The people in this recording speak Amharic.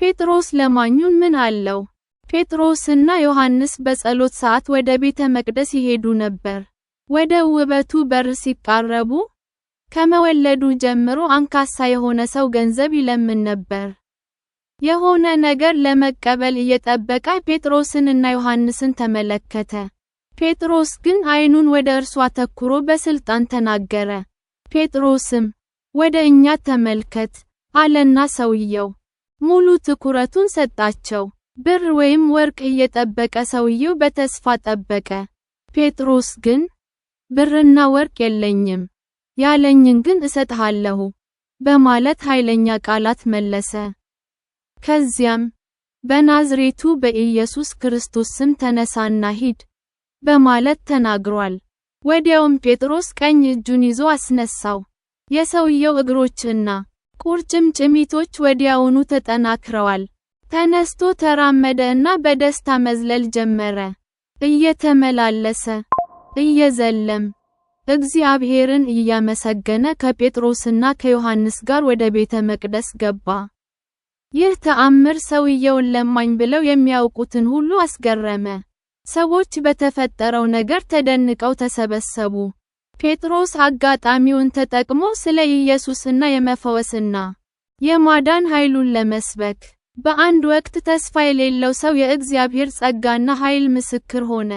ጴጥሮስ ለማኙን ምን አለው? ጴጥሮስና ዮሐንስ በጸሎት ሰዓት ወደ ቤተ መቅደስ ይሄዱ ነበር። ወደ ውበቱ በር ሲቃረቡ፣ ከመወለዱ ጀምሮ አንካሳ የሆነ ሰው ገንዘብ ይለምን ነበር። የሆነ ነገር ለመቀበል እየጠበቀ ጴጥሮስንና ዮሐንስን ተመለከተ። ጴጥሮስ ግን ዓይኑን ወደ እርሱ አተኩሮ በስልጣን ተናገረ። ጴጥሮስም፣ ወደ እኛ ተመልከት አለና ሰውየው ሙሉ ትኩረቱን ሰጣቸው። ብር ወይም ወርቅ እየጠበቀ ሰውየው በተስፋ ጠበቀ። ጴጥሮስ ግን፣ ብርና ወርቅ የለኝም፣ ያለኝን ግን እሰጥሃለሁ በማለት ኃይለኛ ቃላት መለሰ። ከዚያም፣ በናዝሬቱ በኢየሱስ ክርስቶስ ስም ተነሳና ሂድ በማለት ተናግሯል። ወዲያውም ጴጥሮስ ቀኝ እጁን ይዞ አስነሳው። የሰውየው እግሮችና ቁርጭምጭሚቶች ወዲያውኑ ተጠናክረዋል። ተነስቶ ተራመደ እና በደስታ መዝለል ጀመረ። እየተመላለሰ፣ እየዘለም፣ እግዚአብሔርን እያመሰገነ ከጴጥሮስና ከዮሐንስ ጋር ወደ ቤተ መቅደስ ገባ። ይህ ተአምር ሰውየውን ለማኝ ብለው የሚያውቁትን ሁሉ አስገረመ። ሰዎች በተፈጠረው ነገር ተደንቀው ተሰበሰቡ። ጴጥሮስ አጋጣሚውን ተጠቅሞ ስለ ኢየሱስና የመፈወስና የማዳን ኃይሉን ለመስበክ። በአንድ ወቅት ተስፋ የሌለው ሰው የእግዚአብሔር ጸጋና ኃይል ምስክር ሆነ።